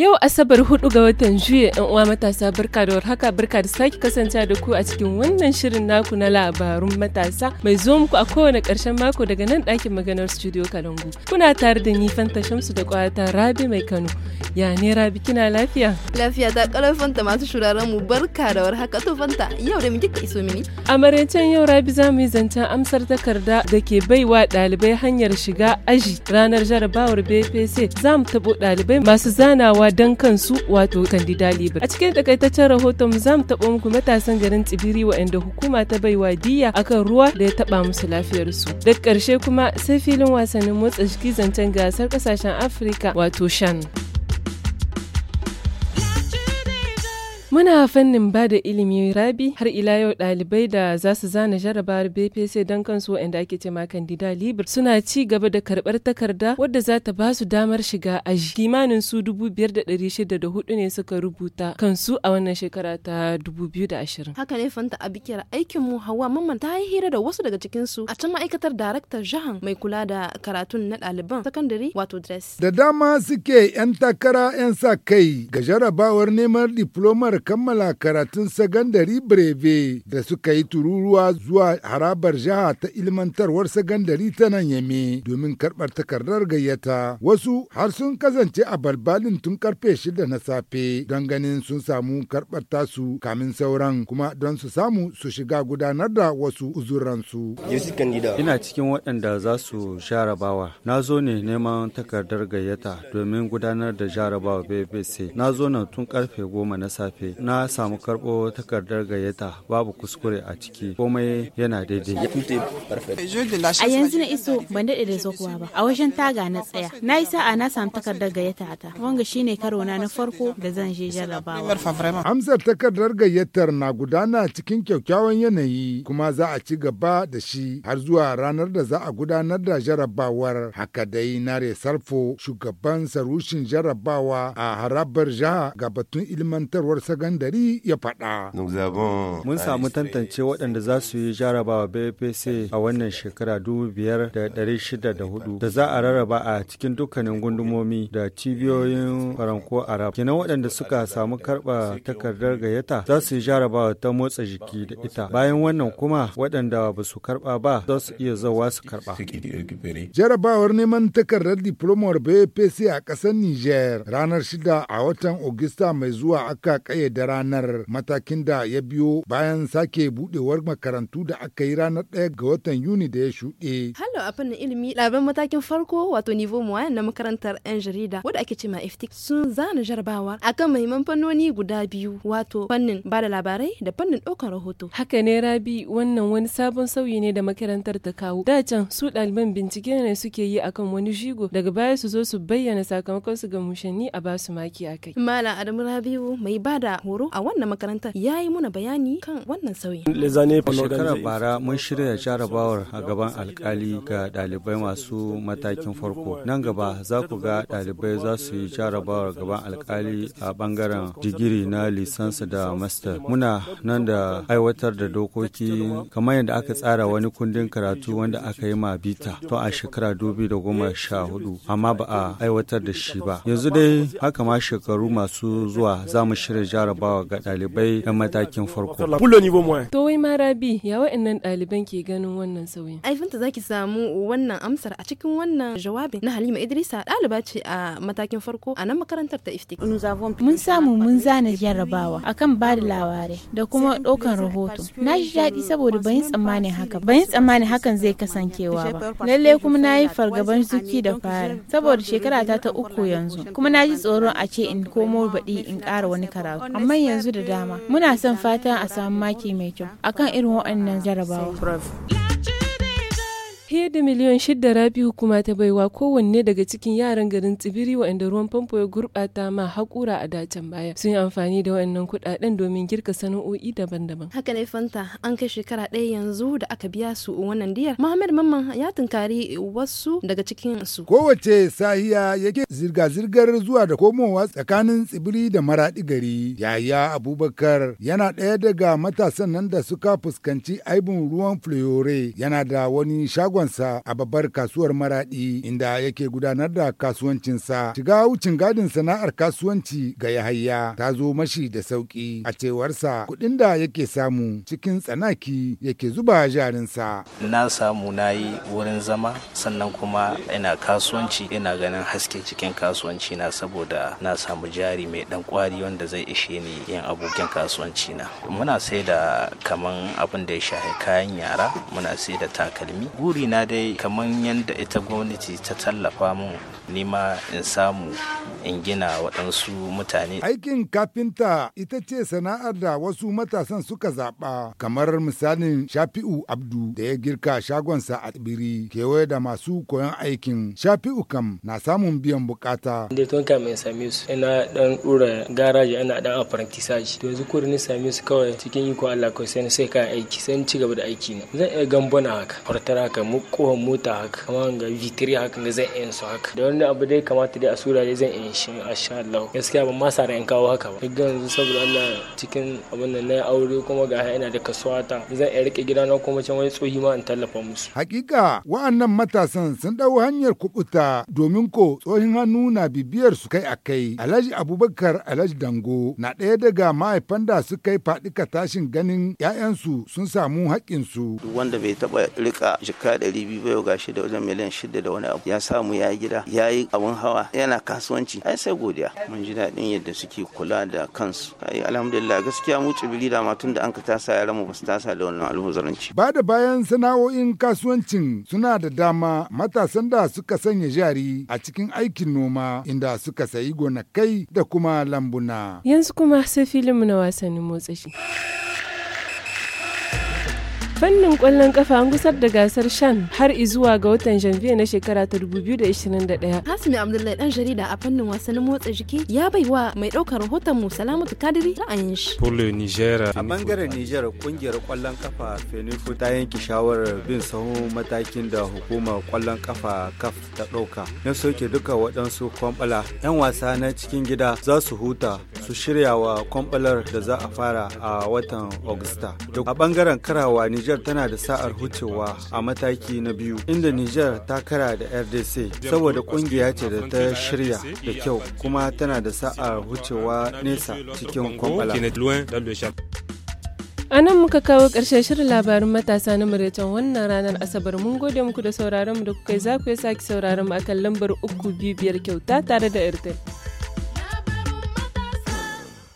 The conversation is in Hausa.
Yau Asabar hudu ga watan Juye ‘yan uwa matasa barka da warhaka barka da sake kasance da ku a cikin wannan shirin naku na labarun matasa mai zo muku a kowane ƙarshen mako daga nan ɗakin maganar studio Kalangu. Kuna tare da ni Fanta Shamsu da kwata Rabi mai Kano. Ya ne Rabi kina lafiya? Lafiya ta ƙarar Fanta masu shuraren mu barka da warhaka to Fanta yau da mu kika iso mini. A maraicen yau Rabi za mu yi zancen amsar takarda da ke baiwa ɗalibai hanyar shiga aji ranar jarabawar BPC za mu taɓo ɗalibai masu zanawa kansu wato kandida libre a cikin takaitaccen rahoton za mu taɓa muku matasan garin tsibiri waɗanda hukuma ta baiwa a kan ruwa da ya taɓa musu lafiyarsu da ƙarshe kuma sai filin wasannin motsa jiki zancen gasar ƙasashen afirika wato shan Muna fannin ba da ilimi rabi har ila yau ɗalibai da za su zana jarabar BPC don kansu waɗanda ake ce ma kandida libir suna ci gaba da karɓar takarda wadda za ta ba su damar shiga aji. Kimanin su dubu biyar da ɗari shida da hudu ne suka rubuta kansu a wannan shekara ta dubu Haka ne fanta a bikiyar aikin mu hawa Mamman ta yi hira da wasu daga cikin su a can ma'aikatar daraktar jihar mai kula da karatun na ɗaliban sakandare wato dress. Da dama suke 'yan takara 'yan sa kai ga jarabawar neman diplomar kammala karatun sagandari breve da suka yi tururuwa zuwa harabar jiha ta ilmantarwar sagandari ta nan yame domin karɓar takardar gayyata. Wasu har sun kasance a balbalin tun karfe shida na safe don ganin sun samu karɓar tasu kamin sauran kuma don su samu su shiga gudanar da wasu uzuransu. Ina cikin waɗanda za su jarabawa. Na zo ne neman takardar gayyata domin gudanar da jarabawa BBC. Na zo nan tun karfe goma na safe kuskure na samu karɓo takardar gayyata babu kuskure a ciki komai yana daidai a yanzu na iso ban daɗe da zokuwa ba a wajen taga na tsaya na yi sa'a na samu takardar gayyata ta wanga shine karo na na farko da zan je jarrabawa amsar takardar gayyatar na gudana cikin kyakkyawan yanayi kuma za a ci gaba da shi har zuwa ranar da za a gudanar da jarrabawar haka dai nare sarfo shugaban sarushin jarrabawa a harabar jiha ga batun ilmantarwar gandari ya faɗa. Mun samu tantance waɗanda za su yi jarabawa BPC a wannan shekara biyar da shida da da hudu za a rarraba a cikin dukkanin gundumomi da cibiyoyin faranko Arab. Kenan waɗanda suka samu karɓa takardar gayyata za su yi jarabawa ta motsa jiki da ita. Bayan wannan kuma waɗanda ba su karɓa ba za su iya zawa su karɓa. Jarabawar neman takardar diplomar BPC a ƙasar Niger ranar shida a watan Ogista mai zuwa aka ƙayyade da ranar matakin da ya biyo bayan sake budewar makarantu da aka yi ranar ɗaya ga watan Yuni da ya shuɗe. Hallo a fannin ilimi ɗaban matakin farko wato nivo muwayan na makarantar 'yan jarida wadda ake ce ma iftik sun zana jarabawa akan mahimman fannoni guda biyu wato fannin bada labarai da fannin ɗaukar rahoto. Haka ne Rabi wannan wani sabon sauyi ne da makarantar ta kawo. Da can su ɗaliban bincike ne suke yi akan wani shigo daga baya su zo su bayyana sakamakon su ga mushanni a basu maki a kai. Malam Adamu Rabiu mai bada horo a wannan makarantar ya yi muna bayani kan wannan sauyi. a shekarar bara mun shirya jarabawar a gaban alkali ga ɗalibai masu matakin farko nan gaba za ku ga ɗalibai za su yi jarabawar gaban alkali a bangaren digiri na lisansa da master muna nan da aiwatar da dokoki kamar yadda aka tsara wani kundin karatu wanda aka yi ma bita to a shekara dubi da goma sha hudu amma ba a aiwatar da shi ba yanzu dai haka ma shekaru masu zuwa za mu shirya jarabawa ga dalibai. na matakin farko. To wai mara ya wa'annan ɗaliban ke ganin wannan sauyin. Aifinta za ki samu wannan amsar a cikin wannan jawabin na Halima Idrisa ɗaliba ce a matakin farko a nan makarantar ta Iftik. Mun samu mun zana jarabawa akan ba da labarai da kuma ɗaukan rahoto. Na ji daɗi saboda ban yi tsammanin haka ban yi tsammanin hakan zai kasancewa ba. Lallai kuma na yi fargaban zuki da fara saboda shekara ta ta uku yanzu kuma na ji tsoron a ce in komo baɗi in ƙara wani karatu. amma yanzu da dama muna son fatan a samu maki mai kyau akan irin waɗannan jarabawa. Fiye da miliyan shida Rabiu kuma ta baiwa kowanne daga cikin yaran garin tsibiri waɗanda ruwan famfo ya gurɓata ma haƙura a dacen baya. Sun yi amfani da waɗannan kuɗaɗen domin girka sana'o'i daban-daban. Haka ne Fanta an kai shekara ɗaya yanzu da aka biya su wannan diyar. Muhammad Mamman ya tunkari wasu daga cikin su. Kowace sahiya yake zirga-zirgar zuwa da komowa tsakanin tsibiri da maraɗi gari. Yaya Abubakar yana ɗaya daga matasan nan da suka fuskanci aibin ruwan fulore yana da wani shagon shagonsa a babbar kasuwar Maraɗi inda yake gudanar da kasuwancinsa. Shiga wucin gadin sana'ar kasuwanci ga yahayya ta zo mashi da sauki a cewarsa kuɗin da yake samu cikin tsanaki yake zuba jarinsa. Na samu na yi wurin zama sannan kuma ina kasuwanci ina ganin haske cikin kasuwanci na saboda na samu jari mai ɗan kwari wanda zai ishe ni yin abokin kasuwanci na. Muna sai da kaman abin da ya shahi kayan yara muna sai da takalmi. Guri na dai kamar yadda ita gwamnati ta tallafa mun nima in samu in gina waɗansu mutane. Aikin kafinta ita ce sana'ar da wasu matasan suka zaɓa kamar misalin Shafi'u Abdu da ya girka shagonsa a tsibiri kewaye da masu koyon aikin. Shafi'u kam na samun biyan bukata. Da tun kamin same su ina dan ɗora garaji ana dan apprentissage. To yanzu kurin same su kawai cikin iko Allah kawai sai sai kayan aiki sai ci gaba da aiki na. Zan iya gambana haka fartar haka mu kowa mota haka kamar ga vitri haka ga zan yin su haka da wani abu dai kamata dai a sura dai zan yin shi insha Allah gaskiya ban ma sara ran kawo haka ba duk yanzu saboda Allah cikin abin da na aure kuma ga ina da kasuwa ta zan iya rike gidana kuma can wani tsohi ma in tallafa musu hakika wa'annan matasan sun dau hanyar kubuta domin ko tsohin hannu na bibiyar su kai akai Alhaji Abubakar Alhaji Dango na ɗaya daga mahaifan da kai yi faɗi tashin ganin 'ya'yansu sun samu haƙƙinsu. Duk wanda bai taɓa rika jika ɗari biyu yau gashi da wajen miliyan shida da wani abu ya samu ya yi gida ya yi abun hawa yana kasuwanci ai sai godiya mun ji daɗin yadda suke kula da kansu ai alhamdulillah gaskiya mu tsibiri da matun da an ka tasa yaran mu basu tasa da wannan almubazaranci ba da bayan sana'o'in kasuwancin suna da dama matasan da suka sanya jari a cikin aikin noma inda suka sayi gonakai da kuma lambuna yanzu kuma sai filin na wasannin motsa shi fannin kwallon kafa an gusar da gasar shan har zuwa ga watan janvier na shekara ta 2021 hasimi abdullahi dan jarida a fannin wasannin motsa jiki ya bai wa mai daukar rahoton mu salamatu kadiri ra'ayin shi a bangaren niger kungiyar kwallon kafa fenifu ta yanke shawarar bin sahun matakin da hukumar kwallon kafa kaf ta dauka na soke duka waɗansu kwambala yan wasa na cikin gida za su huta su shirya wa kwambalar da za a fara a watan agusta. a bangaren karawa niger Nijar tana da sa'ar hucewa a mataki na biyu, inda Nijar ta kara da RDC saboda kungiya ce da ta shirya da kyau kuma tana da sa'ar hucewa nesa cikin kwamfala. A nan muka kawo ƙarshen shirin labarin matasa na maraicen wannan ranar Asabar mun gode muku da sauraron mu da kuka yi za ku sake sauraron mu akan lambar uku biyu biyar kyauta tare da Airtel.